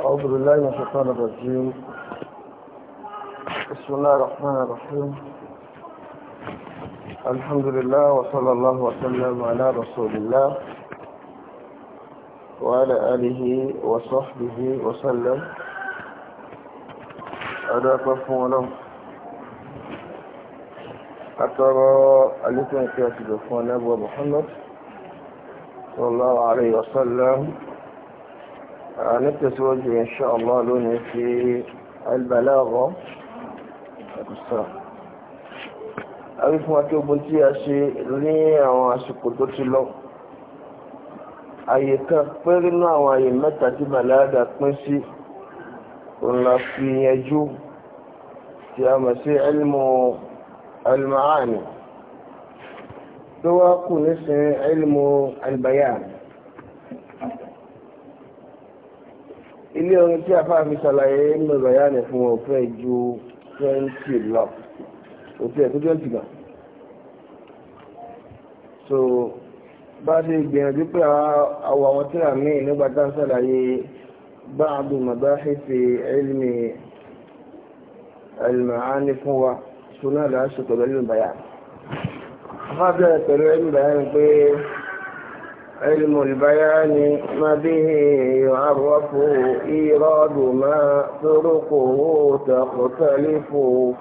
أعوذ بالله من الشيطان الرجيم بسم الله الرحمن الرحيم الحمد لله وصلى الله وسلم على رسول الله وعلى آله وصحبه وسلم أدعى فولم أترى أليكم كاتب فولم ومحمد صلى الله عليه وسلم نتزوج إن شاء الله لوني في البلاغة àwọn fún akẹ́ ogun tí a ṣe ní àwọn àsìkò tó ti lọ àyè kan pẹ́rẹ́ ní àwọn àyè mẹ́ta tí bàláàdà pín sí ọ̀nà fìyànjú tí a mọ̀ sí ilmu almaani tó wá kù nísìn ilmu albayan ilé orin tí àfáà mi ṣàlàyé nínú ìrọ̀yà rẹ̀ fún wọn fẹ́ ju twenty lọ òtí ẹ̀ tó twenty gan. so bá a ṣe gbìyànjú pé àwọ̀ àwọn tíra míì nígbà tá a ṣàlàyé bá a dùn mọ̀ bá ṣe fi ẹ̀lìmì ẹ̀lìmọ̀ánì fún wa ṣùgbọ́n àdáṣe pẹ̀lú ẹ̀lìmọ̀bàyà. àfáà bẹ̀rẹ̀ pẹ̀lú ẹ̀lìmọ̀bàyà ni pé. علم البيان ما به يعرف إيراد ما طرقه تختلف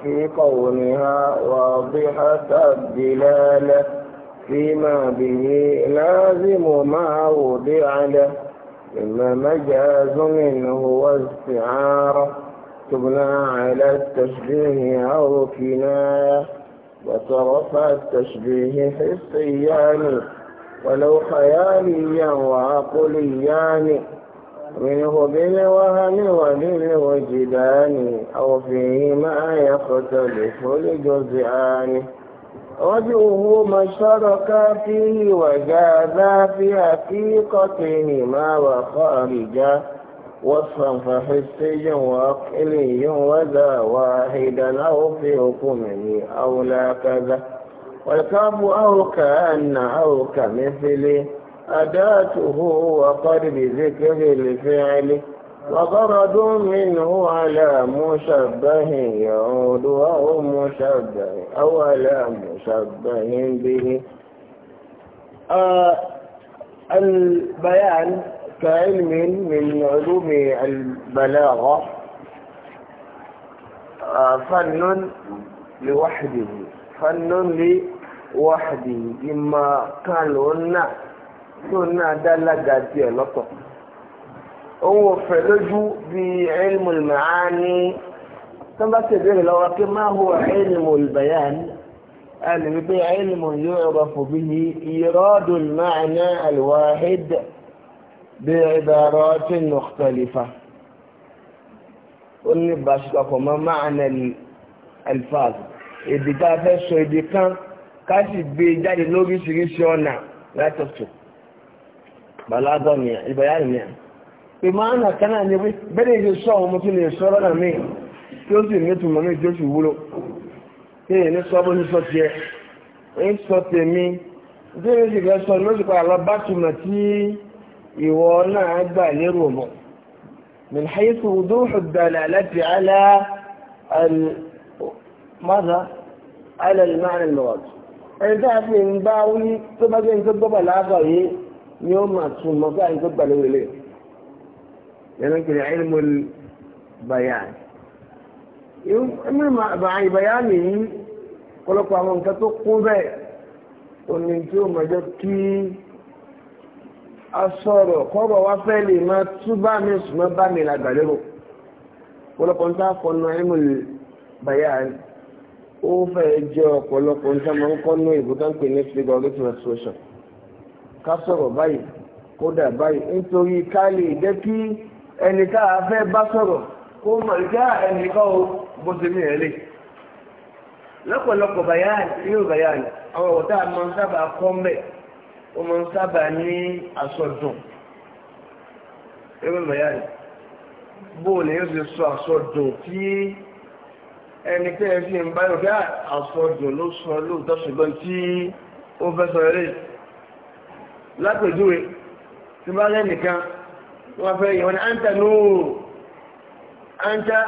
في قولها واضحة الدلالة فيما به لازم ما وضع له إما مجاز منه واستعارة تبنى على التشبيه أو كناية وترفع التشبيه حسيان ولو خياليا وعقليان منه بالوهن وبالوجدان أو فيهما يختلف الجزئان وجهه ما اشتركا فيه وجاذا في حقيقتهما وخارجا وصفا فحسي وعقلي وذا واحدا أو في حكمه أو لا كذا والكعب أو كأن أو كمثل أداته وقد بذكر الفعل وغرض منه على مشبه يعود أو مشبه أو على مشبه به آه البيان كعلم من علوم البلاغة آه فن لوحده فن wáhàdì ìmọ̀ kánò náà tó náà dá lágàdì ẹ̀ lọ́tọ̀ òun ò fẹ́ lójú bí ilmul maani tó bá ti bèrè lọ́wọ́ pé máa hu ilmul bayan ẹni wípé ilmul yu'rafu bihi iradul ma'na al-wahid bí ibaratin mukhtalifa ó ní ìbáṣepọ̀ mọ́ ma'na al-alfaz èdè tá a fẹ́ sọ èdè kan. ká sì gbé e jáde lóríṣiríṣi ọ̀nà látọ̀tọ̀ bàlágọ́ ni ìbáyà ni pé máa ń nàkán náà ní pé bẹ́ẹ̀ ni sọ àwọn ọmọ tó lè sọ̀rọ̀ náà mí tí ó sì nítumọ̀ mí tí ó sì wúlò tí èyí ní sọ bó ní sọ tiẹ̀ ń sọ tèmi tí èyí sì fẹ́ sọ ní ó sì padà lọ bá tùmọ̀ tí ìwọ náà gbà lérò mọ̀ من حيث وضوح الدلالة على ال... ماذا؟ على المعنى المراد ẹni tí a fi ń bá wí tó bá jẹ́ ní tó gbọ́bà láàbọ̀ yìí ni ó máa tún mọ́ bí àyíkó gbà lórí ilé yẹnu kiri ilmu bayan ilmu bayan yìí kọlọ́pọ̀ àwọn nǹkan tó kún bẹ́ẹ̀ òní tí ó máa jẹ́ kí asọ̀rọ̀ kọ́rọ̀ wá fẹ́ lè máa túbá mi sùn mọ́ bá mi làgbàlérò kọlọ́pọ̀ ń tà fọ́nà ilmu bayan ó fẹ́ẹ́ jẹ́ ọ̀pọ̀lọpọ̀ ní sábà ń kọ́ ní ìbò tó ń pè ní figurative expression ká sọ̀rọ̀ báyìí kódà báyìí nítorí ká lè jẹ́ kí ẹni fẹ́ bá sọ̀rọ̀ kó mọ̀ ah, o bó ṣe mí ẹ̀ lè lọ́pọ̀lọpọ̀ bayani inú bayani àwọn ọ̀tá máa ń sábà kọ́ mbẹ́ ó máa ń sábà ní àsọdùn ẹgbẹ́ sọ àsọdùn tí. ẹni pé ẹ fi ń bá yọ̀gá àsọdùn ló sọ lóòótọ́ ṣùgbọ́n tí ó fẹ́ sọ eré lápèjúwe tí bá rẹ̀ nìkan wọ́n fẹ́ yẹ̀wọ́n ní àǹtà nóò àǹtà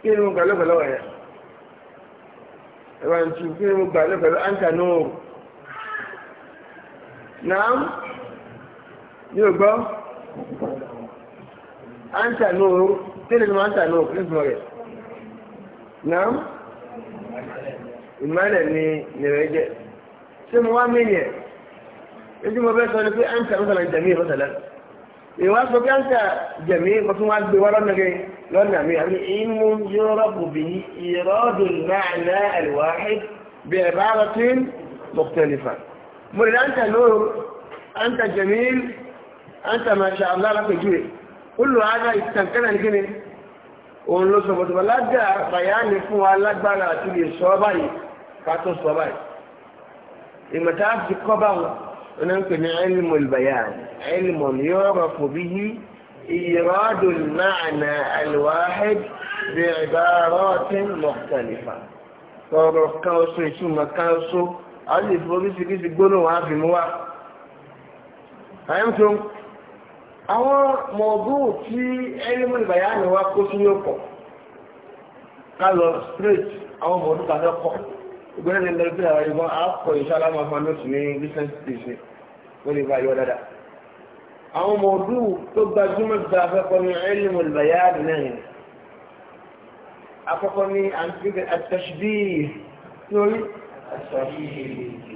kí ni mo gbà lọ́pẹ̀lọ́ ẹ̀yà ẹ̀wà ń tu kí ni mo gbà lọ́pẹ̀lọ́ àǹtà nóò náà ní ògbọ́ àǹtà nóò kí ni mo àǹtà nóò kí ni mo rẹ̀ náà ìmọ̀lẹ̀ ni nìrẹ̀ jẹ́ ṣé mo wá mí ni ẹ̀ ojú mo fẹ́ sọ ni pé àǹkà mọ́tàlá jẹ̀mí mọ́tàlá ìwà sọ pé àǹkà jẹ̀mí mo tún wá gbé wá lọ́nà gẹ́ lọ́nà mi àmì ìmú yọ́rọ́pù bí ìrọ́dù náà àlùwáhí bí ẹ̀bára tí mọ̀tẹ́lifà mo rí àǹkà lóru àǹkà jẹ̀mí àǹkà masha Allah lápẹjú rẹ̀ kúlù àádá ìtànkánà ní kíni òun ló sọ bọ̀tọ̀ lájà bàyáni fún wa lágbára àti lè sọ báyìí ká tó sọ báyìí ìmọ̀tá fi kọ́ báwọn wọn ń pè ní ẹlmọ ìbàyà ẹlmọ ní ọ̀rọ̀ kò bí yí ìyẹ̀rọ̀dù náàna àlùwáhẹ́d bí ìbáraọ̀ tí ń lọ kàlífà kan oṣù ìtumọ̀ kan oṣù àwọn ìfowópamọ́sí gbólóhùn àfimúwá. àyẹ̀mtò àwọn mọ̀ọ́dún tí ẹlẹ́mọ̀ ìbàyà ni wá kó sí yóò pọ̀ ká lọ straight àwọn mọ̀ọ́dún kan lọ́pọ̀ ìgbẹ́rẹ́ ní ẹgbẹ́ àwọn ìbọn àpọ̀ ìṣàlá máa fa lóṣù ní recent stage wọ́n lè bá yọ dáadáa àwọn mọ̀ọ́dún tó gbajúmọ̀ gba afẹ́kọ́ ní ẹlẹ́mọ̀ ìbàyà náà yẹn afẹ́kọ́ ní àtẹ̀síbí lórí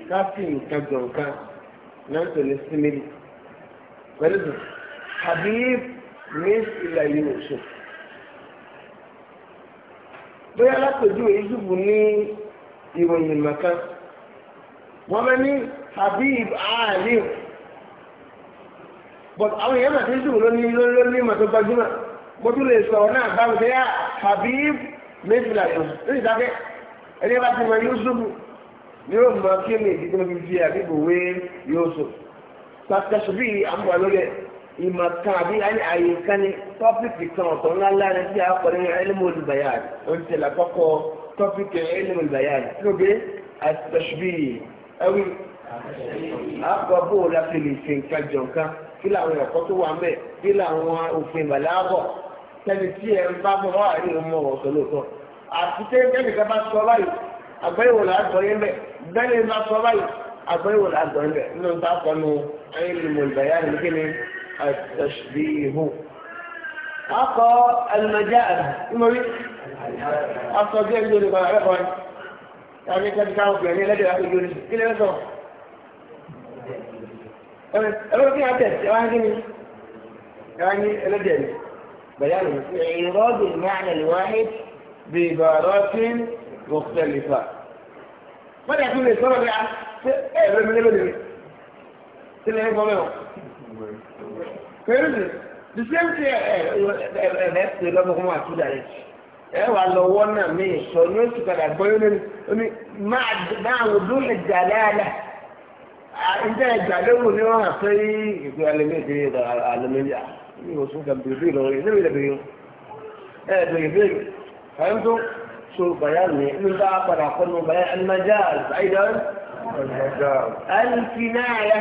káfíìn kan jọ̀ǹkan náà tẹ̀lé símílì pẹ̀lú Habib means ilẹ̀ Yusuf bóyá alápèjúwe Yusuf ní ìròyìn mọ̀kan wọ́n mẹ́ ní Habib Ali. but àwọn èèyàn màtí Yusuf ló ní ló ní màtó gbajúmọ̀ mo tún lè sọ̀rọ̀ náà báwo ṣe yá Habib means ilẹ̀ Yusuf lórí ìdákẹ́ ẹni bá ti mọ Yusuf yóò mọ kí ni ìdíje mi fi àbíbò wé Yusuf pàtàkì bí àwọn àlọ́ yẹn ìmọ̀ kan àbí àyè kan ní tọ́pìkì kan ọ̀tọ̀ ńlá ńlá ni tí a kọ́ ní ilmul bayan òun ti là kọ́kọ́ tọ́pìkì ilmul bayan tí ó gbé àtẹ̀sùbíyì ẹ̀wí àkọ́bọ̀ láti lè fi nǹkan jọ nǹkan kí làwọn ẹ̀kọ́ tó wà mẹ́ kí làwọn òfin ìbàlágọ̀ tẹ́ni tí ẹ ń bá bọ́ wà ní ọmọ ọ̀sán lóòótọ́ àti tẹ́ni kan bá sọ báyìí àgbẹ̀yẹ̀wò làásọ̀ yẹn bẹ́ẹ̀ ni bá sọ báyìí àgbẹ̀yẹ̀wò làásọ̀ yẹn bẹ̀ nínú ta kọ́ nu ayélujára ìbàyà nìkéni التشبيه أقى المجاز أصلا أصدق يقول لك عفوا يعني كان يعني لا في عدد يعني يعني لدينا بيان المعنى الواحد بعبارات مختلفة من اللي pẹ̀lú the same thing eh, eh, eh, ẹ ẹ ẹ ṣe lọ́mọkùnrin àti ìdàrẹ́ ẹ wà lọ́wọ́ náà mi sọ ní oṣù padà gbọ́ yóò lórí omi máa wò ló lè jà láàlà ǹjẹ́ ìjà lóhùn ni wọ́n hàn pé ìgbé alẹ́mẹ́dẹ́ alẹ́mẹ́dẹ́ mi ò sún kàn bèbè lọ́wọ́ ẹ̀ lórí ìdàgbé ẹ bèbè bèbè àwọn tó so bàyà mi ní bá padà kọ́ ní bàyà alimájà àìdá alifináyà.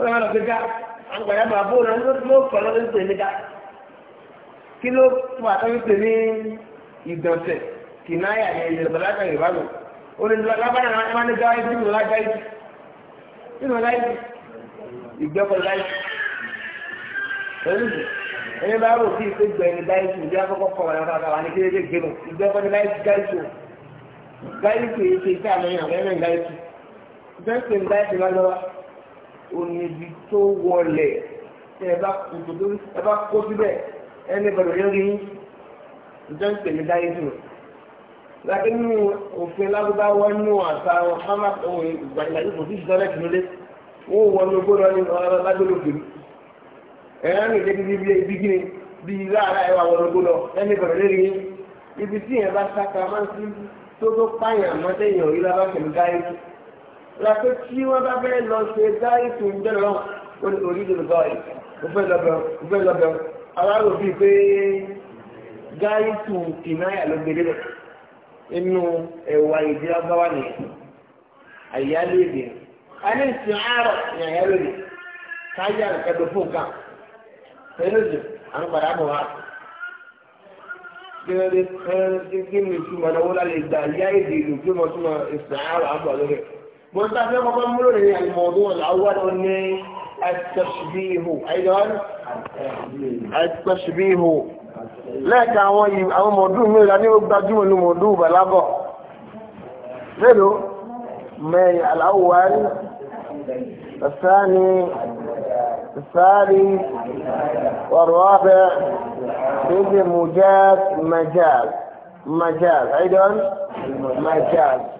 ó lọ́wọ́ lọ́ọ́ gbéga àwọn gbàdá bàbá bò náà ló ló kọ́ lọ́dún tó níga kí ló tó àtọ́jú pè ní ìgbọ̀nsẹ̀ kì náà yà ní ìjọba láti ìwà lò ó lè lọ lábára náà ẹ máa ní gáyé tí mo lágbáyé tí mo láyé ìgbẹ́kọ̀ láyé ẹni bá rò sí ìpé gbẹ ní gáyé tí ìdí akọ́kọ́ kọ̀ wà lára wà ní kéde gbé lọ ìgbẹ́kọ̀ ní gáyé tí gáyé tí gáyé tí èyí ṣe iṣẹ́ àmọ́ yàn lẹ́yìn gáyé tí ìgbẹ́kọ̀ ní gáyé tí lọ́wọ́ oníbi tó wọlẹ̀ tí ẹ bá kótó tó ẹ bá kó síbẹ̀ ẹni bẹ̀rẹ̀ lórí ìjọ ń pèmí dáyé tó. Lákì nínú òfin lágbàáwá nínú àṣà wọn fáwọn ohun ìgbà ìlàjì kò sí ìṣiṣẹ́ lẹ́kì lólé. Wọ́n wọ ní ogún lọ́ní ọ̀rọ̀ lágbèrè òkèlú. Ẹ̀rọ ní ìdẹ́gbẹ́ bíi ibi gíni bíi láàárá ẹ̀wà wọ ní ogún lọ ẹni bẹ̀rẹ̀ lórí ibi tí yẹn bá sáka máa ń sí tó tó pààyàn mọ́tẹ́yìn òrí lábàkẹ́lú dáyé tó làpẹ́ tí wọ́n bá fẹ́ lọ ṣe dáì tó ń bẹ̀rẹ̀ wọn ó ní orí ìdòdò báyìí ó fẹ́ lọ bẹ̀rù aláàrò bíi pé dáì tó ìnáyà ló gbé débẹ̀ inú ẹ̀wà ìdí abáwá nìyẹn àyálò èdè alẹ́ ìsìn àárọ̀ ní àyálò èdè káyà ẹ̀dọ̀ fún kan pẹ̀lú ìdè àwọn padà bọ̀ wá gbẹ̀rẹ̀ kí ni ìtumọ̀ náà wọ́n lálẹ́ ìgbà yá èdè ìlú gbẹ̀mọ̀ túmọ̀ ìsìn àárọ̀ àbọ̀ lórí مستعفى مقام ملون هي الموضوع الأول أني التشبيه أيضا التشبيه لك أول أول موضوع ملون يعني أبدأ الموضوع بلغة ملو ما الأول الثاني الثالث والرابع في مجاز مجاز مجاز أيضا مجاز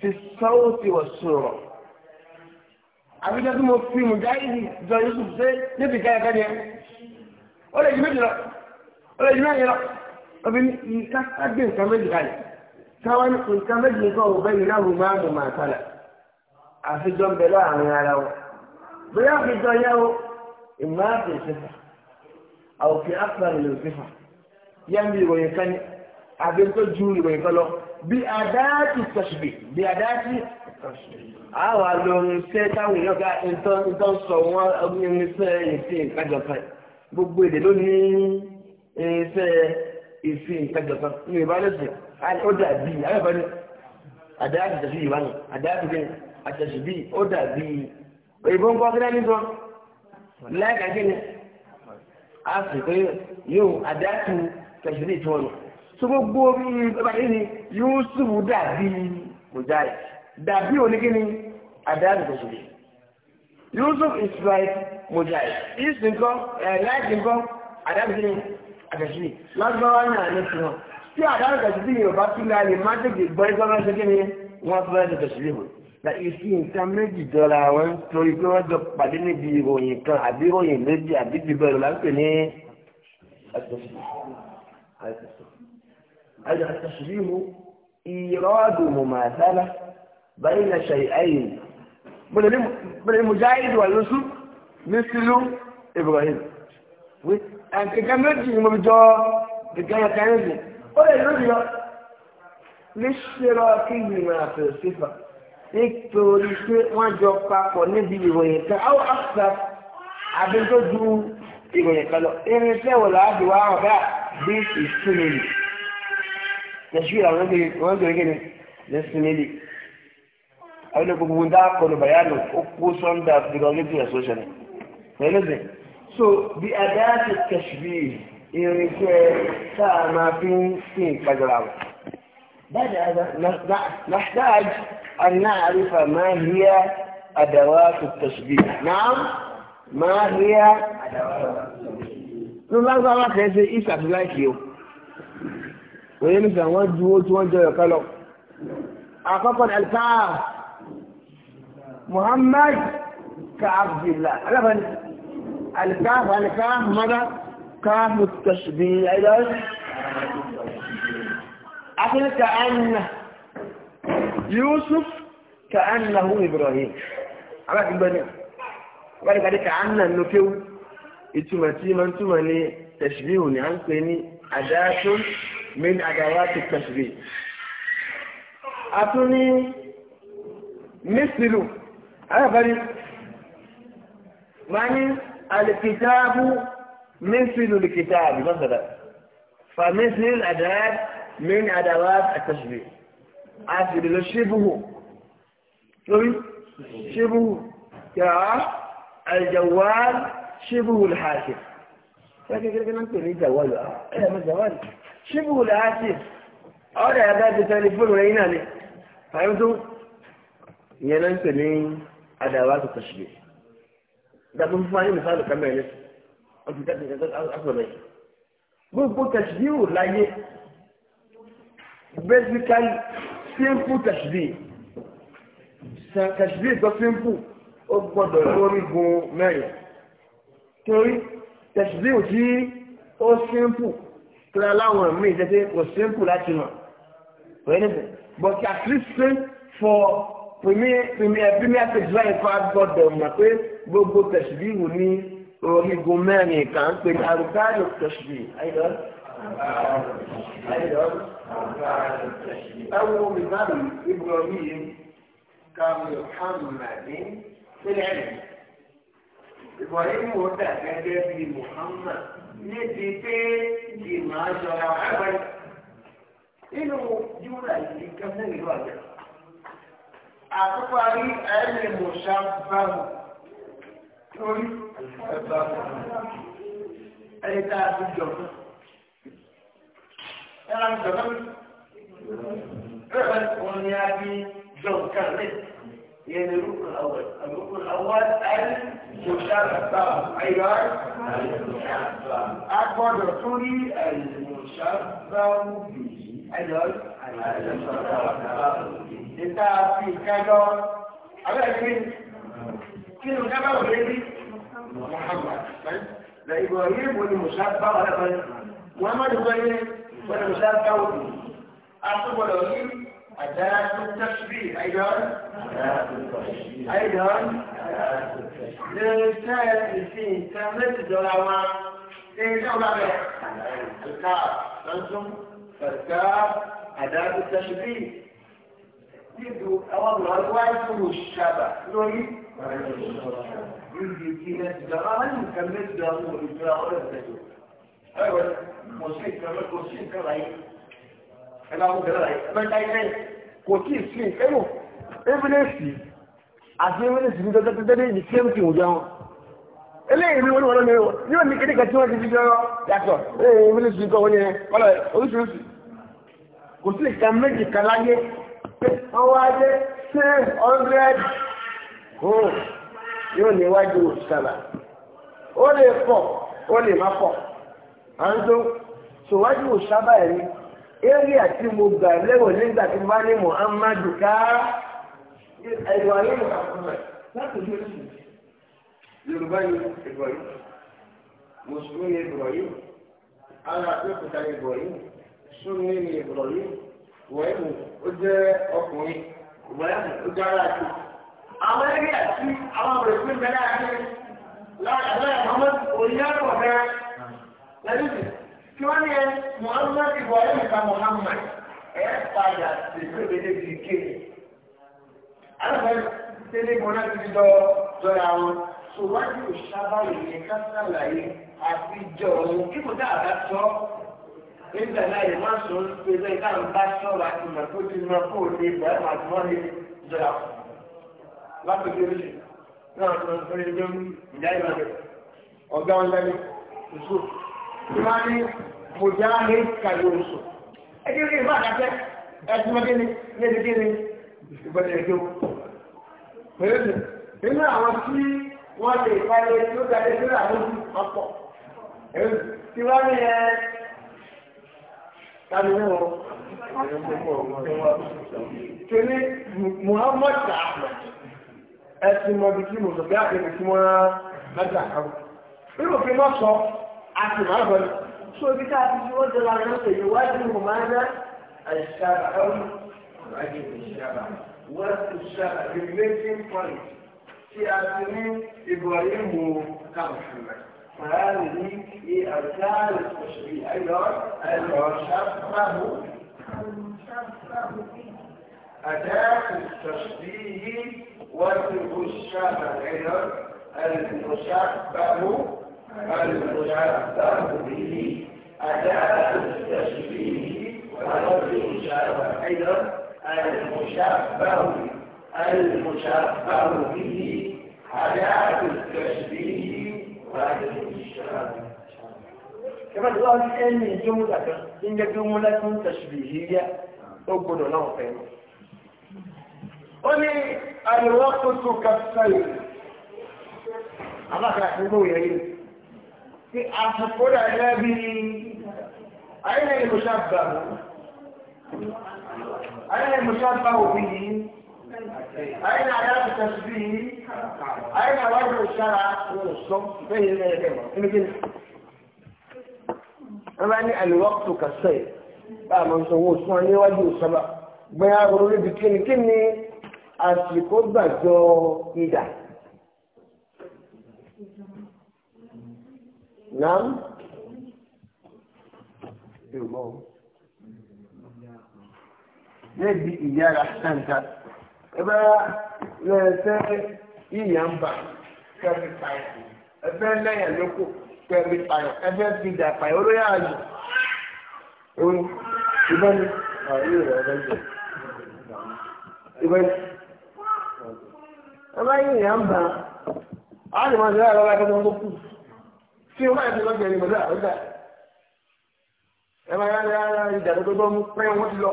fi sọ́wọ́sì wọ̀ sọ̀rọ̀. àbíjọ́ tí mo fi mùjáìdì jọ yusuf ṣe níbi kẹ́kẹ́ ni ó lè jí méjì lọ ó lè jí méjì lọ obì ní ìka ságbé nǹkan méjì kalẹ̀ káwọn nǹkan méjì nǹkan ò bẹ́ẹ̀ nínú àwọn máa mọ̀ máa kalẹ̀ àfijọ́ ń bẹ láàrin ara wọn bóyá àfijọ́ yẹ o ìmọ̀ àfẹ́ ìṣẹ́fà àwòkè àfẹ́ ìṣẹ́fà yẹn bí ìròyìn kan ní àbí tó ju ìròyìn kan lọ bí adáàtì tọ̀ṣìbì bí adáàtì tọ̀ṣìbì. àwọn àlòrin ṣe táwọn èèyàn ká nǹkan sọ wọn irinṣẹ́ ìsìn ìkájọpẹ́ gbogbo èdè ló ní irinṣẹ́ ìsìn ìkájọpẹ́ ní ìbálòsìn ó dàbí àyẹ̀fọ́ ni adáàtì tọ̀ṣìbì wà ní adáàtì tọ̀ṣìbì ó dàbí òyìnbó ń kọ́ kí náà nígbà láìka kí ni a sì pé yóò adáàtì tọ̀ṣìbì tó wọn tó gbogbo orí bàbá yìí ni Yusuf dàbí mujahid dàbí oníkíni adáàbò tó sùn Yusuf is like mujahid is nǹkan ẹ̀ eh, láìsí nǹkan adáàbò tó sùn àtẹ̀sí lágbára ní àná fún wọn tí àdáàbò tó sùn Yorùbá tún láàyè má tètè gbọ́ ṣe kí ni wọ́n fẹ́ lè tẹ̀sí wò na isi nǹkan méjì dọ́ra wọn torí pé wọ́n jọ pàdé níbi ìròyìn kan àbí ìròyìn méjì àbí jù bẹ́ẹ̀ lọ láńpẹ́ ní àtẹ̀sí àtẹ̀sí. أجل التشبيه إيراد مماثلة بين شيئين من المجاهد والرسل مثل إبراهيم أنت كم رجل مبجور بكاية كنزل ولا الرجل لاشتراكهما في الصفة nítorí pé wọ́n jọ papọ̀ níbi ìròyìn kan àwọn àṣà àbíjọ́jú ìròyìn kan lọ irinṣẹ́ wò láàbí wa hàn bá bí ìsinmi تشفير ونقل كده لسنه لي أولا كبهون ده أقول بيانه أقوصون ده في دولتي يا سوشانا فهلزي سو بأداة التشفير إن كيسا ما فين سين كجراب بعد نحتاج أن نعرف ما هي أدوات التشبيه نعم ما هي أدوات التشبيه نحن نعرف ما هي أدوات التشبيه وينزل وجهه توجه القلب عقب الكعب محمد كعبد الله على فن الكاف الكاف ماذا كاف التشبيه أيضا أقول كأن يوسف كأنه إبراهيم على فن بني قال كأن النكو يتمتي من تمني تشبيهني عن كني أداة min adawati tashbih atuni misilu ayabari mani alkitabu misilu alkitabi masala fa misilu aladab min adawat at-tashbih asili lo shibuhu lórí shibuhu ya aljawal shibuhu alhasib kẹ́kẹ́kẹ́ náà ń pè ní jawal ẹ̀yà mọ́ jawal kìí ṣíbù làásì ọ̀rẹ́ ẹ̀dá ti tẹlifóònù rẹ̀ yínà ni fàyọ̀ tó ìyẹn náà ń pè ní adàwà tó tẹ̀síbẹ̀ ìdàgbọ́ fún wa ní mùsàlù kàmẹ́ ẹ̀ wọ́n ti tẹ̀síbẹ̀ àgbọ̀dọ̀ yìí gbogbo tẹ̀síbẹ̀ wò láyé basically simple tẹ̀síbẹ̀ tẹ̀síbẹ̀ tó simple ó gbọ́dọ̀ lórí gun mẹ́rin torí tẹ̀síbẹ̀ ò sí ó simple tó yà láwọn míì jẹ́ pé kò simple láti mọ̀ kò yẹn níbẹ̀ but at least pay for premier premier page láì fa gbọ́dọ̀ mọ̀ pé gbogbo tẹ̀síbíwù ní orígun mẹ́rin kà ń pè ní arúgbáàdì tẹ̀síbí ayọ̀ ayọ̀ ẹ̀wọ̀n mi báyìí ibùdó yìí kàwé hàmàdé sílẹ̀ ìbọ̀yìn mú dà gẹ́gẹ́ bíi Muhammad níbi pé ìmọ̀ àjọra ẹgbẹ́ nínú júwìlà yìí kẹfún ìlú àjọ. Àkọ́kọ́ rí ẹni mọ̀ṣá báwò lórí ẹ̀bá ẹni tá a ti jọ fún. Ẹ̀rọ ìjọba mi. Bẹ́ẹ̀ ni wọ́n ní a bí jọ lẹ́yìn. هي يعني الركن الأول الركن الأول المشبه أيضا المشبه أكبر رسولي المشبه به أيضا المشبه به أنت في كذا أبدا مين كل مشبه وغيري محمد لا إبراهيم ولا مشبه ولا ولا مشبه ولا مشبه أصبر إبراهيم أداة التشبيه أيضا أيضا للإنسان الفين تعمل دولة إيه دولة الكار تنسم فالكار أداة التشبيه يبدو أول رواية كله الشبه لوني يجي كده دراما يكمل دراما ويجي دراما أيوة موسيقى كمان موسيقى كمان ẹgbẹ́ àwọn obìnrin rẹ̀ ẹgbẹ́ ìta ilé kò tí ì sí ẹnu evidence àti evidence ní dọ́dọ́ dọ́dọ́ ní same thing òjò wọn eléyìí ni wọ́n wọ́n lé wọn ní òní kékeré tí wọ́n ti fi jọ yàtọ̀ eléyìí evidence nǹkan wọ́n yẹn wọ́n lọ oríṣiríṣi kò sí ìka méjì kan láyé wọ́n wá dé three hundred yóò ní iwájú òṣìṣàlà ó lè pọ̀ ó lè má pọ̀ à ń tó ṣòwájú òṣìṣàbà ẹ̀rí eré àti mo gbà lẹ́wọ̀n nígbà tí wọ́n ní muhammadu ká ẹ̀rọ ayé muhammad yorùbá ni ẹ̀rọ ayé mùsùlùmí ni ẹ̀rọ ayé ara ni ẹ̀rọ ayé sunni ni ẹ̀rọ ayé wẹ́ẹ̀mù ó jẹ́ ọkùnrin ó jẹ́ àwọn àti àwọn kí wọ́n ní ẹ Muhammad Ibrahim ká Muhammad ẹ padà sí pépé débi ké alábẹ́ tẹ́lẹ̀ mọ́nà ti dọ́ lọ́ra wọn ṣùgbọ́n tí kò ṣàbáwò yẹn ká sàlàyé àtijọ́ ọ̀hún kí kò dáa bá tọ́ nígbà náà yìí má sọ pé bẹ́ẹ̀ ká ń bá sọ̀rọ̀ àti màkó ti mọ kó o lè bọ̀ ẹ́ màá tó wọ́n lè jọra lápẹ̀tẹ̀ lè náà tó ń fẹ́ ẹgbẹ́ mú ìbàdàn ọ̀gá wọn lẹ́nu ìmáni ní kàyọ̀ọ̀sù ẹgbẹ́ ìgbẹ́ ìbá àkàtẹ́ ẹgbẹ́gbẹ́ni lẹ́gbẹ́gbẹ́ni ìgbẹ́gbẹ́gbẹ́ pẹ̀lú nínú àwọn tí wọ́n lè parí tó dáadé tó rà lójú ọ̀pọ̀ tí ní ẹ tàbí mú kí ni muhammad ahmed ẹ̀sìn mọ̀bí tí mo sọ bí àgbẹ̀bí tí wọ́n rájà kan. bí mo عقبا شو بتاع في وزن على نفسه يوازن ماذا الشرع أو عجيب الشرع وقت الشرع بالميتين بوينت في أسنين إبراهيم كمحمد فهذه هي أركان التشريع أيضا المشفه أداة التشبيه وفي الشبه أيضا المشبه المنافق به أداء التشبيه ولفظ المشابه أيضا المشابه به أداء التشبيه والمشابه كما تقول ان الجمله جملة إن جملة تشبيهية أقول له خير قولي الوقت كالسيف الله يحفظه يا في أصف العلابي أين المشبه أين المشبه به أين علامة التشبيه أين وجه الشرع والصم فيه لا يجمع أما الوقت كالسير báàmù sanwó sún wa níwájú sábà gbẹ́yà ronú níbi kíni kíni àsìkò gbàjọ ìdà Naam. N'ebi ìyára ṣáǹkà. Ebe na-ese ìyá mba Ebe lẹ́yà lóko Ebe fìdà payọ̀. Olóyè àjò. Ewu ìbọn ni. Ìyá rẹ̀ ọ̀rẹ́ jẹ. Ìbọn Ebe ìyá mba. A dị mma ṣe àlọ́ láti ọdún tó tí o bá yẹ kí lọ́jọ́ ẹni pẹ̀lú àlọ́jà ẹ máa yára yára ìjà tó gbọ́ mú pé wọ́n ti lọ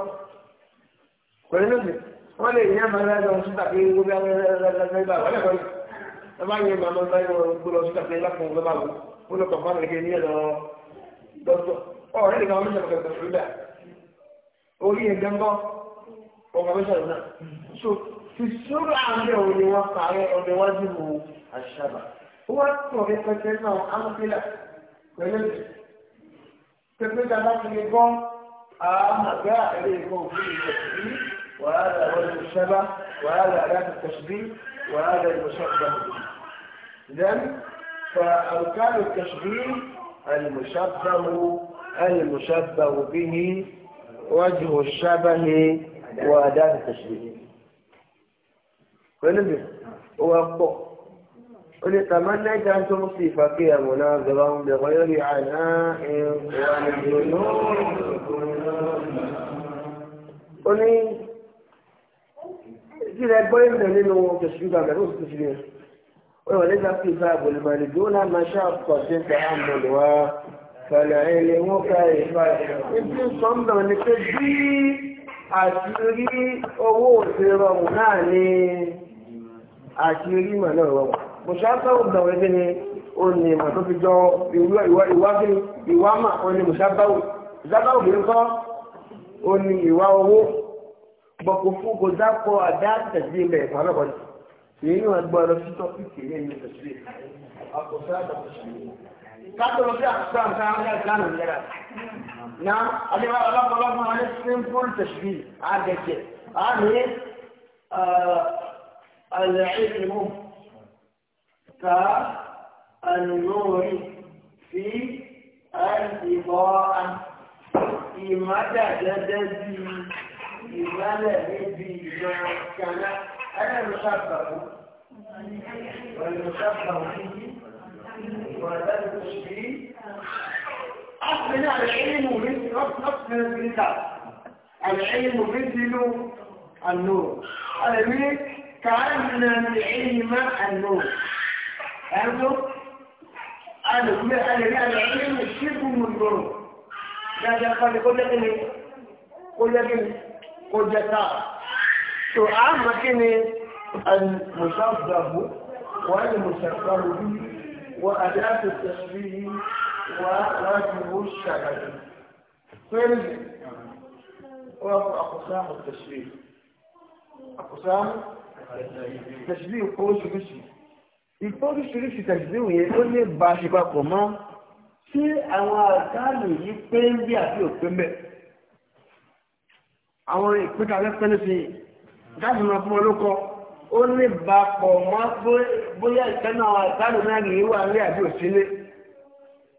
pẹ̀lú lóde wọ́n lè yẹ máa yára lọ síta pé wọ́n bí wọ́n lè bá wọ́n lè kọ́ ẹ bá yẹ máa máa yọ gbọ́ lọ síta pé lápò ló bá wọ́n wọ́n lọ kọ̀ fún àlejò ní ẹ̀rọ dọ́tọ̀ ọ̀ ẹ̀ lè máa mú ìṣẹ̀lẹ̀ pẹ̀lú ìgbà orí ẹ̀ gángan ọkọ̀ mẹ́sàn-án náà so ti sóra àwọn ọ̀dẹ̀ wọn kàwé ọ̀dẹ̀ wájú àṣàbà ó wá tún ọ̀rẹ́ pẹ̀tẹ́ náà amúfílà pẹ̀lú ìlú. pẹ̀pẹ́ dàbá ti lè gbọ́ àmàgbé àtẹ̀lé ìgbọ́ òfin ìtẹ̀sí wàhálà ọ̀rẹ́ ìṣẹ́bá wàhálà ọ̀rẹ́ ìtẹ̀sí wàhálà ìmọ̀ṣẹ́bá. then فأركان التشبيه المشبه المشبه به وجه الشبه وأداة التشبيه. ولم هو تمنيت أن تصيف في مناظرا بغير عناء والجنون Oni ìjìnlẹ̀ gbọ́ ìrìnà nínú tẹ̀síwìgbà mẹ́rin òsì tẹ̀síwìgbà. Ó yọ̀ lẹ́gbà fi bá àbòlùmọ̀lì dúró náà máa ṣàkọ̀ sí ìgbà àmọ̀lù wa fẹ̀lẹ̀ ilẹ̀ wọ́n ká ìfà. Ibi sọ́mbà ni pé bí àti rí owó òṣèrọ̀mù náà ni àti rí mọ̀ náà rọrùn mùsàtà òdà wẹ̀ kí ni ó ní ìmọ̀ tó fi jọ ìwá ìwá kí ni ìwá mà ó ní mùsàtà ò mùsàtà ò kìí kọ́ ó ní ìwá owó bọ̀kù fún kò dápọ̀ àdá tẹ̀sí ilẹ̀ ìpàdé kan èyí ni wọ́n gbọ́ lọ sí tọ́pìkì ní ìlú tẹ̀sí kátó lọ sí àtúntò àti àwọn ẹgbẹ́ ìlànà ìlera náà adébá ọlọ́pọ̀lọpọ̀ wọn ní simple tẹ̀sí àgẹ̀jẹ̀ àmì العلم النور في الإضاءة في مدى جددي إمدى جدي ما كان أنا مشبه والمشبه فيه ولدت به أصل العلم مثل نفس الكتاب العلم مثل النور أنا كأن من العلم النور yanzu ana kuma ana ne ana ilimin shirkin mundoro ya ja kwallo ko jaɗi ne ko jaɗi ne ko jata to a maki ne an musabbabu wa al musabbabu bi wa adatu tasbihi wa rajibu shagari فين أقسام التشبيه أقسام التشبيه قوش بشي ìfọ́ríṣiríṣi tẹ̀síwò yẹn ó lè ba ṣèpapọ̀ mọ́ ṣé àwọn àkáàlù yìí pé ń bí àti òpin bẹ́ẹ̀. àwọn ìpínlẹ̀ alẹ́pẹ́ ní ti gáàsì máa fún wọn ló kọ́ ó lè ba pọ̀ mọ́ bóyá ìtẹ́nu àwọn àkáàlù náà yìí wà ní àbí òsínlé.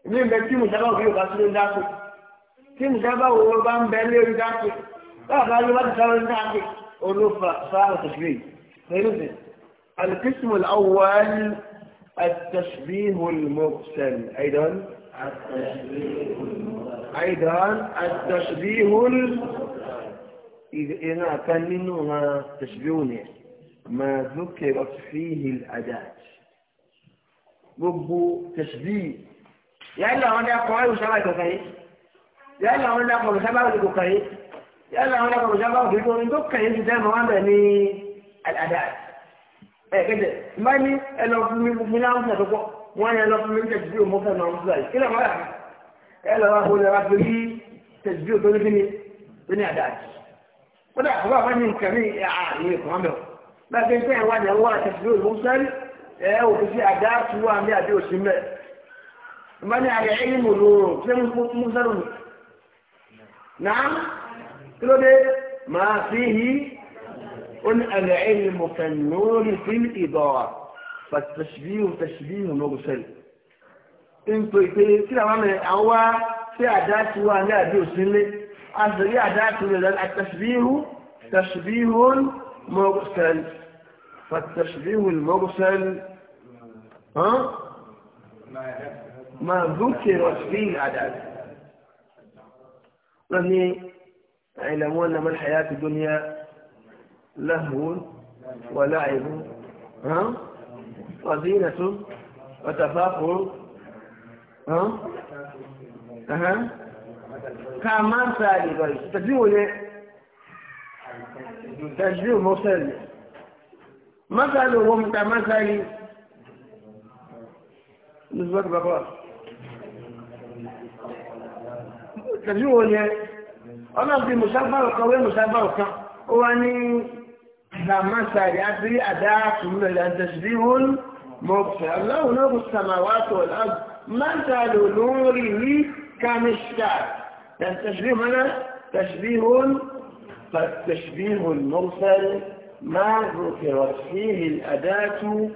ní ìgbẹ́ tí mùsábà òbí yóò bá sílé ń dáko tí mùsábà òwò bá ń bẹ lórí dáko báwa bá yóò bá ti sáré ń dáko olófa sáà òṣèlú yìí القسم الأول التشبيه المرسل أيضا أيضا التشبيه المرسل إذا كان منها تشبيهني ما ذكرت فيه الأداة رب تشبيه يلا هنا قوي وشبابك كيف يلا هنا قوي وشبابك كيف يلا هنا قوي وشبابك كيف يلا هنا قوي وشبابك كيف يلا هنا قوي وشبابك كيف يلا هنا قوي وشبابك كيف ẹ̀kẹ́dẹ̀ bá ní ẹlọ fún mi fún wọ́n ní ẹlọ fún mi yà wa kò lè wá pé bí òtó ní kíni tó ní àdáyé kódà àbúrò àwọn ní nǹkan ní bá a ti ń tẹ́ ìwádìí àwọn wà tẹ̀sí ẹ ò fi sí àdá tu قل العلم كالنور في الاضاءه فالتشبيه تشبيه مرسل انتو ايتي كده ما من اوا في عادات هو انا دي وسلي اصل عادات التشبيه تشبيه مرسل فالتشبيه المرسل ها ما ذكر في العادات لاني علمونا ما الحياه الدنيا لهو ولعب ها وزينة وتفاخر ها ها كما سالي بل تجيبه ليه تجيبه مرسل مثلهم كمثل سالي بقاء تجيبه ليه أنا في مسافر قوي مسافر واني لما سيأتي أداة من التشبيه مبصر الله نور السماوات والأرض مثل نوره كمشكاة يعني تشبيه هنا تشبيه فالتشبيه المرسل ما ذكرت فيه الأداة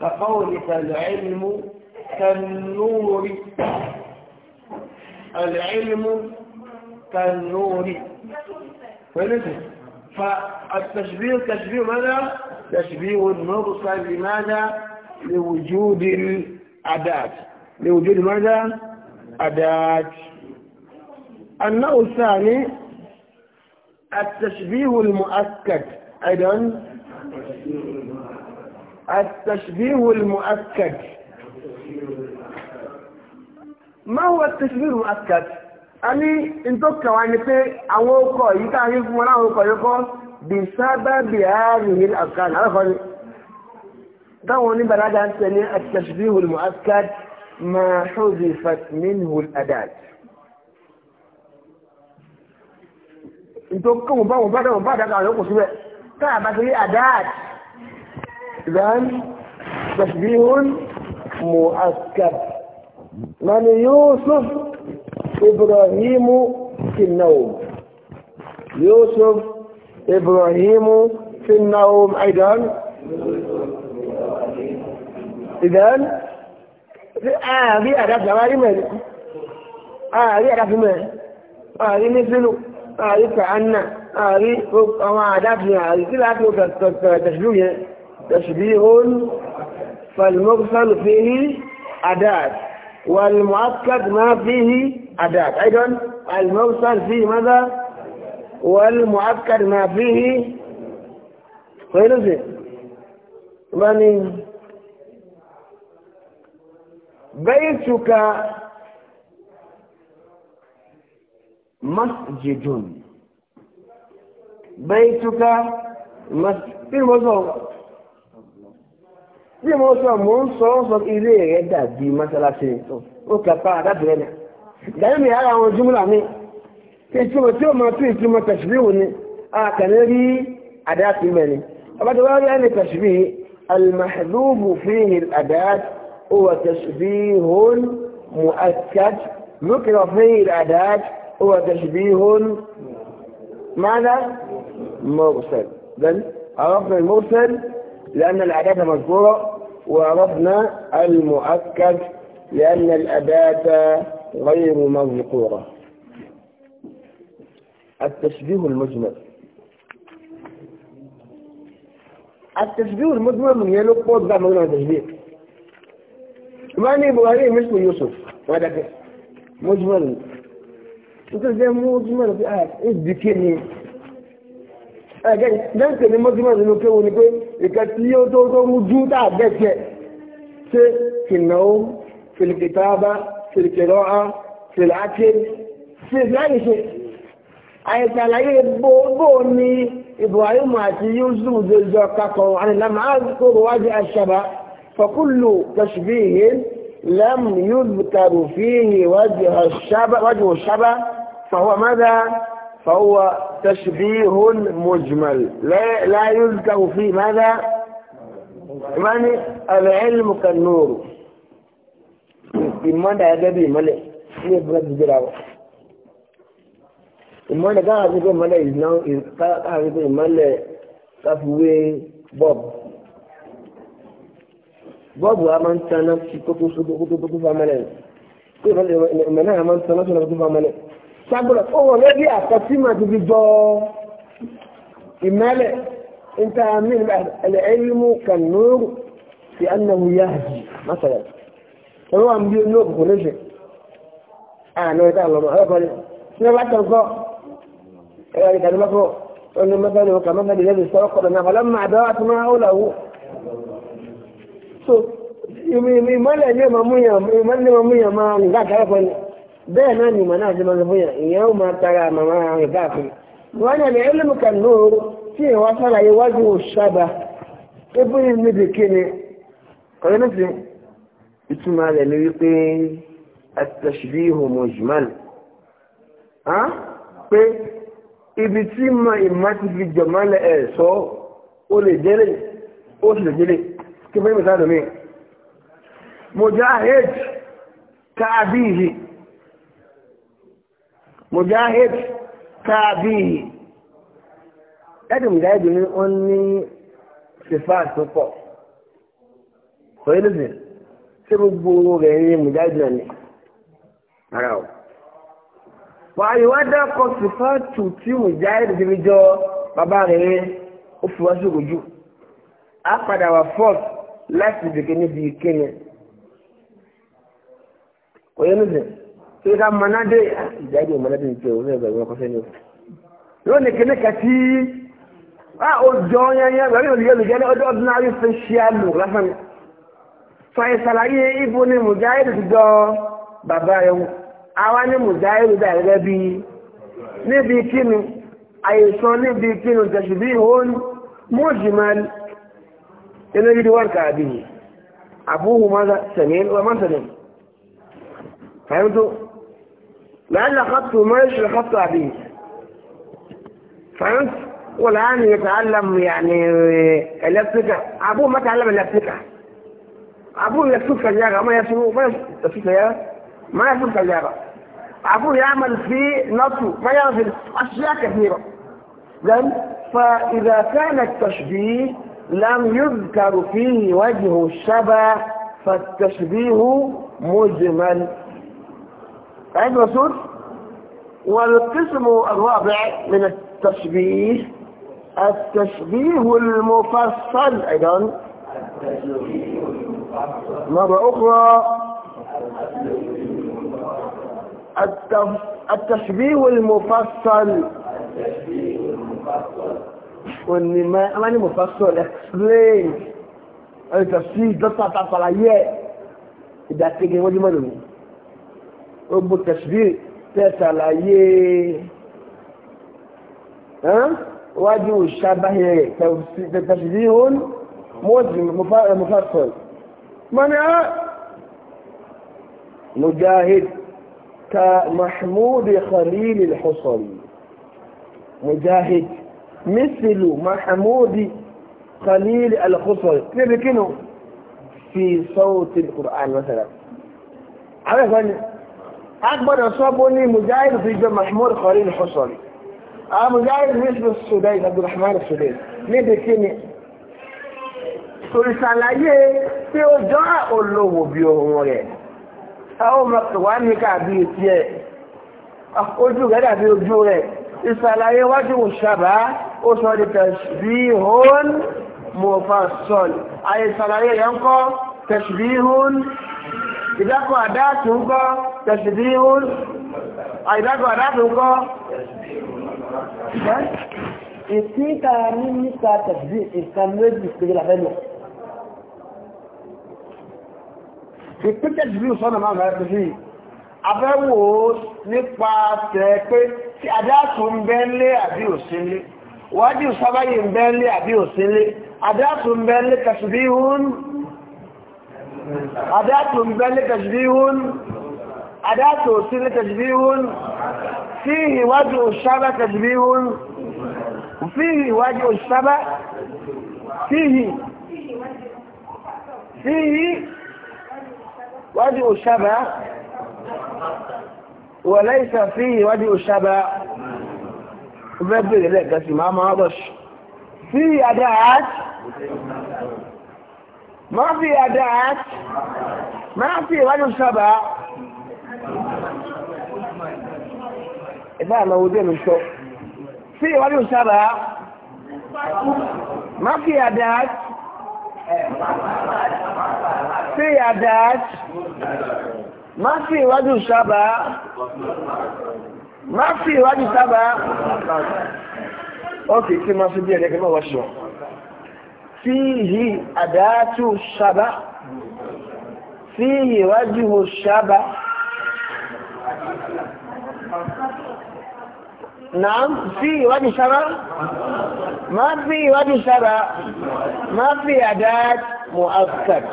كقولك العلم كالنور العلم كالنور فنفس فالتشبيه تشبيه ماذا؟ تشبيه مرسل لماذا؟ لوجود الأداة لوجود ماذا؟ أداة النوع الثاني التشبيه المؤكد أيضا التشبيه المؤكد ما هو التشبيه المؤكد؟ a ní ìtọ́kà wa ni pé àwọn ọkọ̀ yìí ká ní fún wọn láwọn ọkọ̀ yìí kọ́ bí sábà bí ààrùn ní afghan alákọ̀ọ́ ni táwọn oníbàdàdà ń tẹ̀lé àtẹ̀síbí olùmọ̀ afghan máa ṣòdì fatmin hul adad ìtọ́kà wọn bá wọn bá dáwọn bá dáka àwọn ọkọ̀ síbẹ̀ táà bá ti adad ìdáhán tẹ̀síbí hul mọ̀ afghan mani yóò sọ́fù إبراهيم في النوم يوسف إبراهيم في النوم أيضا إذا هذه أداة جواري مالك هذه آه مالك هذه مثله هذه كأن هذه أو آه هذه كلها تشبيه تشبيه فالمرسل فيه أداة والمؤكد ما فيه أداب أيضا الموصل فيه ماذا والمؤكد ما فيه غير ذلك يعني بيتك مسجد بيتك مسجد في الموضوع في الموضوع منصوص إليه يدى دي مثلا شيء وكفاء ربنا gẹ́gẹ́ mi ara jumla ni mi kí ìtumọ̀ tí ó máa tún ìtumọ̀ tẹ̀síbíwò ni a kàn rí àdáàtì mẹ́rin ọbátí ya ni tashbih al mahdhub fihi al adat huwa tashbih mu'akkad nukira fihi al adat huwa tashbihun ماذا مرسل بل عرفنا المرسل لأن العداد مذكورة وعرفنا المؤكد لأن الأداة غير مذكورة التشبيه المجمل التشبيه المجمل من يلو قوت بعد مجمع التشبيه ماني ابراهيم مثل يوسف وهذا مجمل يقول زي مجمل في آية ايه بكني ẹ̀gẹ́ lẹ́ǹkẹ̀ ni mọ́símọ̀ nínú kéwò ni كي ìkẹ́ tí yóò tó tó في jú dáa bẹ́ẹ̀ في القراءة في الأكل في أي شيء أي تلاقي بوني إبراهيم أتي يوسف ذو عن لم أذكر وجه الشبه فكل تشبيه لم يذكر فيه وجه الشبه وجه الشبه فهو ماذا؟ فهو تشبيه مجمل لا لا يذكر فيه ماذا؟ يعني العلم كالنور ìmọ̀dà ẹgbẹ́ bí ìmọ̀lẹ̀ ní ìbúrẹ́ ti gbéra wọ̀. ìmọ̀lẹ̀ káàkiri pé ìmọ̀lẹ̀ ìná káàkiri pé ìmọ̀lẹ̀ káfíwé bọ́ọ̀bù. bọ́ọ̀bù a máa ń taná sí kótó sódò kótó tó kó famẹ́lẹ̀ kó ìmọ̀ náà a máa ń taná sódò kótó famẹ́lẹ̀. sagbọ́dọ̀ ó العلم كالنور لأنه يهدي مثلا ẹ̀rọ wà ń bí ní òkùnkùn lóṣù àná ẹ̀ta àlọ́mọ ọ̀rọ̀ kan ní ọba tó ń kọ́ ẹ̀rọ ìkàdé mọ́kọ́ ọ̀nà mọ́kàlì ọkà mọ́kàlì lẹ́bi sọ́rọ́ kọ́ lọ́nà máa bẹ́ wá tó máa ó làwù. ìmọ̀lẹ̀ ní ọmọ múyàn ìtumọ̀ rẹ̀ ni wípé at-tashbihu mujmal pé ibi tí ma ìmá ti fi jọmọ́ lẹ ẹ̀ sọ ó lè jẹ́lẹ̀ ó sì lè jẹ́lẹ̀ kí fẹ́ mẹ́ta lómi mujahid kaabihi mujahid kaabihi ni wọ́n ní sifáàtì púpọ̀ sọ ilé tí gbogbo rẹ̀ ń yẹn mùjáde ni ara o. wàá yóò wá dákọ̀ sífáàtù tí mùjáde ti fi jọ bàbá rẹ̀ ó fi wá sóko jù á padà wà fọ́ọ̀t láti dèké níbi ìkéne. òye ní sè ṣé ká mọ̀nádé ìjáde mọ̀nádé ní tiẹ̀ òun ẹ̀gbẹ̀rún ọkọ̀ sẹ́ni o. lónìí kìíní kàtí a ò jọ yẹn yẹn gbàgbé òdìgẹ́ òdìgẹ́ ní ọdún ordinary facial look lásán ni. tọ́yẹ ṣàlàyé ibo ni mùjáìrì ti jọ bàbá rẹ̀ wò àwa ní mùjáìrì dà gẹ́gẹ́ bí níbi kínu àìsàn níbi kínu tẹ̀sùbí ìhóni mọ́jìmọ́lì eléyìí ni wọ́n kà á bìyì àbúhù mọ́ta sẹ̀mí ọmọ sẹ̀mí fahimtu la'alla khattu ma yashri khattu abi fahimtu wala an yata'allam yani elektrika abu ma ta'allama elektrika أبوه يسوق سيارة ما يسوق ما يسوق سيارة ما يسوق سيارة أبوه يعمل في نفسه ما يعمل أشياء كثيرة زين فإذا كان التشبيه لم يذكر فيه وجه الشبه فالتشبيه مجمل عيد رسول والقسم الرابع من التشبيه التشبيه المفصل أيضا مرة أخرى التشبيه المفصل والنماء ما أنا مفصل explain أنا تفسير ده إذا تيجي ودي ما نقول أبو تشبيه تاع ها ودي وشبه تشبيه مفصل مفصل منع مجاهد كمحمود خليل الحصري مجاهد مثل محمود خليل الحصري لكنه في صوت القرآن مثلا عارف أنا أكبر أصابني مجاهد في جمع محمود خليل الحصري أنا آه، مجاهد مثل السودان عبد الرحمن السودان ليه بكيني sòrìṣàlàyé pé ó jọ́ olówó bí ohun rẹ̀ àwọn mọ̀tòwá ní kàbí etí ẹ̀ ojú rẹ̀ dàbí ojú rẹ̀ ìṣàlàyé wájú òṣàbá ó sọ di tẹ̀síbíhún mọ̀fàṣọ́n àyè ìṣàlàyé rẹ̀ ń kọ́ tẹ̀síbíhún ìdákọ̀ àdáàtù ń kọ́ tẹ̀síbíhún àìdákọ̀ àdáàtù ń kọ́ ìpínta ní nípa tẹ̀síbí ìkan méjì pé fi pípẹ́ jùlọ sọ́nà máa rẹ̀ sí abẹ́wò nípa tẹ́ pé tí adáàtù ń bẹ́ lé àbí òsínlé wájú sábáyé ń bẹ́ lé àbí òsínlé adáàtù ń bẹ́ lé kẹsìdíhún adáàtù ń bẹ́ lé kẹsìdíhún adáàtù òsínlé kẹsìdíhún sí ìwájú òṣàbá kẹsìdíhún sí ìwájú òṣàbá sí ìwájú وجه الشبه وليس فيه وجه الشبه بدل لا بس ما ما بش في أداة ما في أداة ما في وجه الشبه إذا موجودين من شو في وجه الشبه ما في أداة في اليدات ما في وجه سبع ما في وجه سبع اوكي ما في ديالك ما وشو فيه أداة سبع فيه وجه سبع نعم في وجه سبع ما في وجه سبع ما في أداة مؤكد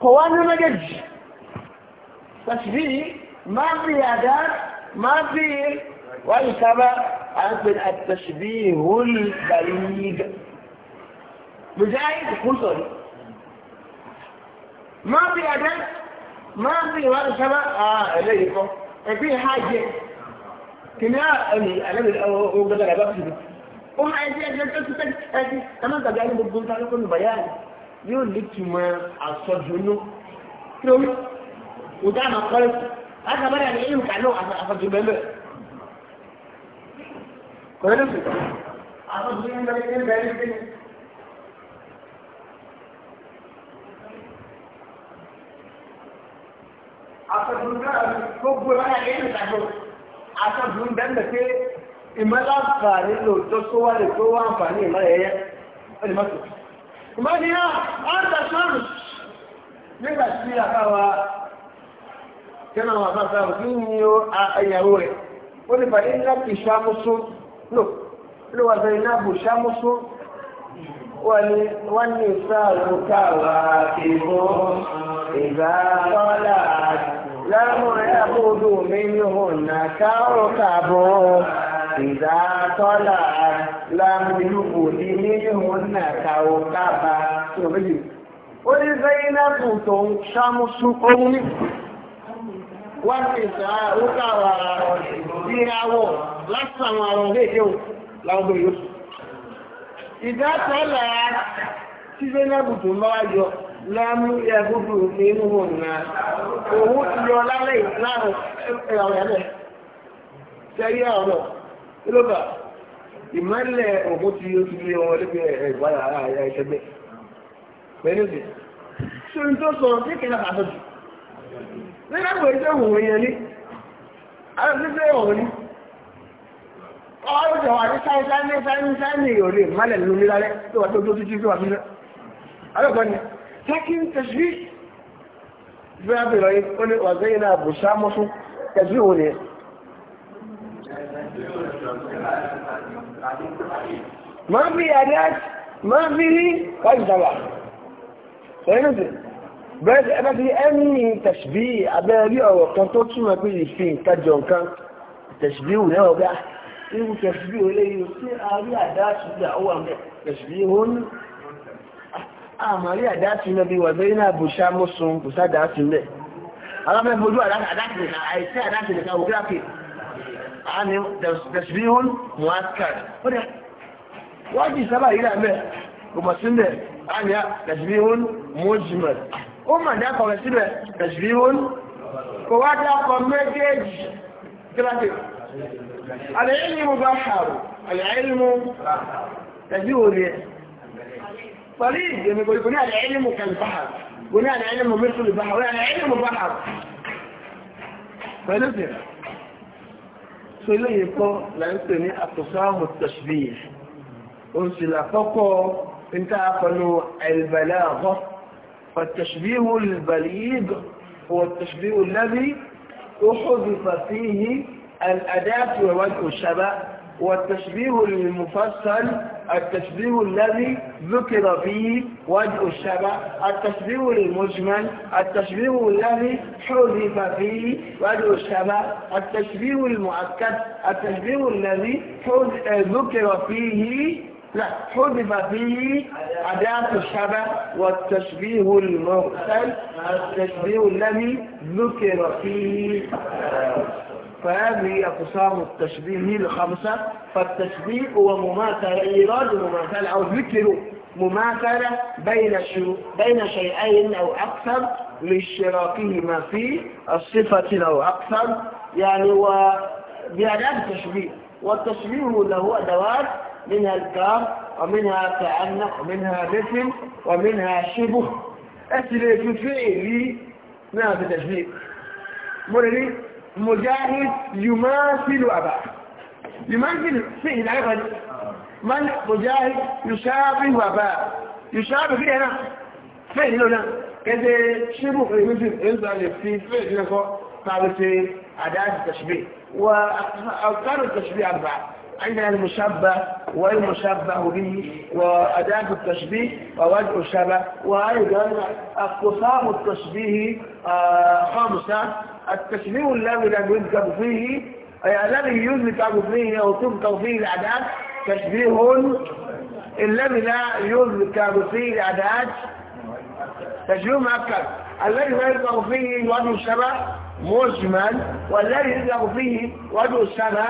قوام مجج تشبيه ما في أداب ما في والكبا أنزل التشبيه مجايد مجاهد خسر ما في أداب ما في والكبا آه إليكم في حاجة كنا أنا أنا أقدر أبقى أم أجي أجي أجي أجي أنا قاعد أقول لكم بيان yóò ní túmọ̀ àsọdùnú kí ló wí kò dá àmà kọ́lé láti abẹ́rẹ́ ní ìlú kàló àsọdùn bẹ́ẹ̀ kò lè fi àsọdùn ní bẹ́ẹ̀ ní bẹ́ẹ̀ ní bẹ́ẹ̀ àsọdùn náà gbogbo láyà ní ìlú kàló àsọdùn bẹ́ẹ̀ ní pé ìmọ̀lá àǹfààní lò tó tó wà lè tó wà àǹfààní ìmọ̀lá ẹ̀yẹ ó lè má tó. mọ́níyà ọ́ntàṣọ́rù nígbà tí àkáwà tẹ́nà wà bá sáà kí ni ó àyàwó rẹ̀ ó ní bàdé ńlá kì í ṣàmúsú lò ló wà sọ iná bù ṣàmúsú wà ní wọ́n ní sáàrù káwà ìbò ìgbà tọ́lá láàmú إذا طلعت لم يبد منهن كوكبا orí zainabu tó ń ṣámúsú ohun ní wọ́n ti ṣàrúkàwà ìràwọ̀ lásàwọn àwọn ọ̀rẹ́ ìdíhùn láwọn yóò ìdátọ́lá tí zainabu tó ń bá yọ lámú ẹgbùgbù nínú wọn náà òun ti yọ lálẹ́ ìsìláàrùn ẹ̀rọ ẹ̀rẹ́ kí ló bá ìmọ̀lẹ̀ òkú ti oṣù lé wọn lé ìgbàlá ara ẹ̀yà ìṣẹ́gbẹ́ pẹ̀lú ìdè ṣe ń tó sọ kéèké náà bàtọ́ jù nínú àwọn ìṣe òwò yẹn ní àwọn ìṣe òwò ní ọ̀rọ̀ ìjọba àti sáyẹn sáyẹn sáyẹn sáyẹn ìròlé ìmọ̀lẹ̀ nínú nílálẹ́ tó wà tó tó títí tó wà fún náà alọ́kọ́ ni takin tashbi bẹ́ẹ̀ bẹ̀rẹ̀ yìí ó ní wà zẹ́yìn náà bùsá mọ́sún tashbi ما في أداة ما فيه قيد طبعا فهمت بس أنا في أني تشبيه أبالي أو كنتوت ما في فين كجون كان تشبيه ولا بقى إيه تشبيه ولا يصير أبي أداة شجع هو تشبيه àmàrí àdáàtì náà bí wọ̀bẹ̀ iná bùṣá mọ́sùn bùṣá dáàtì náà alábẹ́ bojú àdáàtì nìkan àìsí àdáàtì nìkan ògíráfì a ní tẹ̀síbíhún muhakkad ó dẹ̀ wọ́n ti sábà yìí lábẹ́ gbogbo sílẹ̀ a ní tẹ̀síbíhún mujmal ó mà dákọ̀ rẹ̀ síbẹ̀ tẹ̀síbíhún kò wá dákọ̀ méjèèjì kíláàtì al-ilmu bahar al-ilmu tẹ̀síhún ni طريق يعني هناك علم كالبحر هناك علم مثل البحر هناك علم بحر فنزل سليه ف لانسني اقسام التشبيه انزل فقو انت عفنو البلاغه فالتشبيه البليغ هو التشبيه الذي احذف فيه الاداه الشبه والتشبيه المفصل التشبيه الذي ذكر فيه وجه الشبه التشبيه المجمل التشبيه الذي حذف فيه وجه الشبه التشبيه المؤكد التشبيه الذي ذكر فيه لا حذف فيه أداة الشبه والتشبيه المرسل التشبيه الذي ذكر فيه فهذه أقسام التشبيه الخمسة فالتشبيه هو مماثلة إيراد مماثلة أو ذكر مماثلة بين بين شيئين أو أكثر لاشتراكهما في الصفة أو أكثر يعني وبأداة تشبيه والتشبيه له أدوات منها الكار ومنها تعنق ومنها مثل ومنها شبه أسلي في فعلي ما نعم، في تشبيه مرني mujahid yumasilu àbá yumasilu sí ìdáyẹ̀kọ́ من مجاهد يشابه وباء يشابه فيه هنا فين هنا كده شبه يمكن ينزل في فين هنا تعرف عداد التشبيه وأفكار التشبيه أربعة عندنا المشبه والمشبه به وأداة التشبيه ووجه الشبه وأيضا اقتصام التشبيه آه، خمسة التشبيه الذي لم يذكر فيه الذي يذكر فيه أو تذكر فيه الأداة تشبيه الذي لا يذكر فيه الأداة تشبيه مؤكد الذي لا يذكر فيه وجه الشبه مجمل والذي يدلق فيه وجه الشبه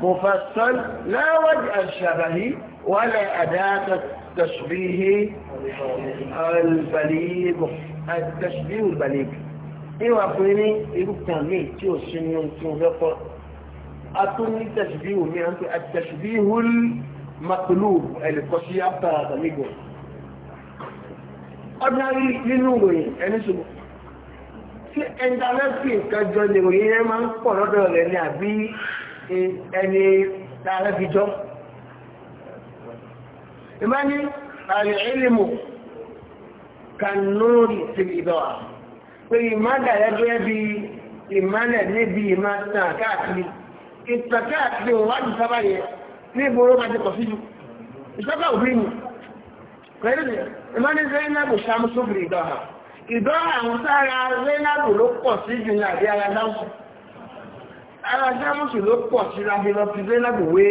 مفصل لا وجه الشبه ولا أداة التشبيه البليغ التشبيه البليغ ìwà pé ní irú kan míì tí ó ṣe ní ohun tí ó rẹ́pọ̀ a tún ní tẹ̀sìbíhù ní àti àtẹ̀sìbíhù makulu ẹ̀lẹ́kọ̀sí àpàràtàmígbọ̀n ọdún arí nínú ìròyìn ẹni ṣùgbọ́n tí ẹnìtàlẹ́sì nǹkan jọ lè ròyìn yẹn máa ń pọ̀ lọ́dọ̀ rẹ̀ ni àbí ẹni tààrẹ fi jọ. ìmọ̀ ní àrẹ ìlìmù kanúrì sí ìdọ̀wà pé ìmọ̀dà ẹgbẹ́ bí ìmọ̀lẹ̀ níbi ìmọ̀ tàn káàkiri ìtàn káàkiri òun wájú sábà yẹ ní ìgboro ìbá àwọn sára zainabu ló pọ̀ sí jù ní àbí ara dámù ara dámù sì ló pọ̀ sí lọ fi zainabu wé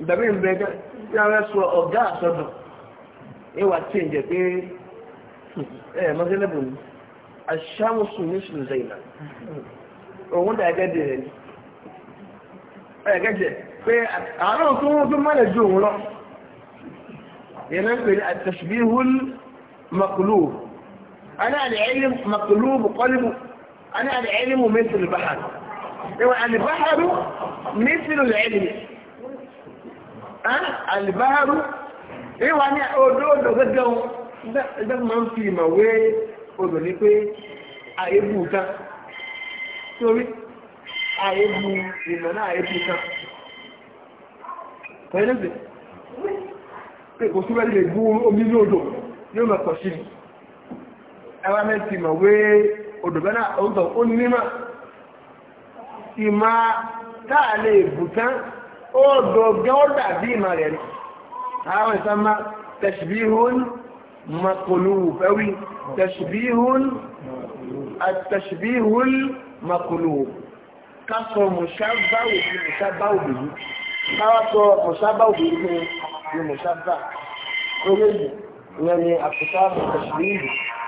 ìgbàmí ìbẹ̀gẹ́ a rẹ̀ sọ ọ̀gá àsọdọ̀ ìwà tí ń jẹ pé ẹ̀ mọ́ zainabu ni aṣámùsùn ní sùn zainab òun dà gẹ́gẹ́ ni ẹ̀gẹ́jẹ̀ pé àárọ̀ أنا العلم مطلوب قلبه أنا العلم مثل البحر يعني البحر مثل العلم أه؟ البحر ìwà ní odòdó gẹ́gẹ́ ohun ma ń fi ìmọ̀ wé odò ní pé àyébù kan torí àyébù ìmọ̀ náà àyébù kan pẹ̀lú pé kò súnmọ́ lè gún omi ní odò yóò mọ̀ pọ̀ sí ni ẹwà mẹ́tì mọ̀ wé odòbẹ́ náà ó ń tọ̀ ó nímọ̀ ìmọ̀ táà lè bùtán ó dọ̀gán ó dàbí ìmọ̀ rẹ̀ ni àwọn ìsànmá tẹ̀sìbíhún makoluhu fẹ́wí tẹ̀sìbíhún àtẹ̀sìbíhún makoluhu kásọ̀ mùsábáwò bí mùsábáwò bí káwàtọ̀ mùsábáwò bí mùsábáwò bí mùsábáwò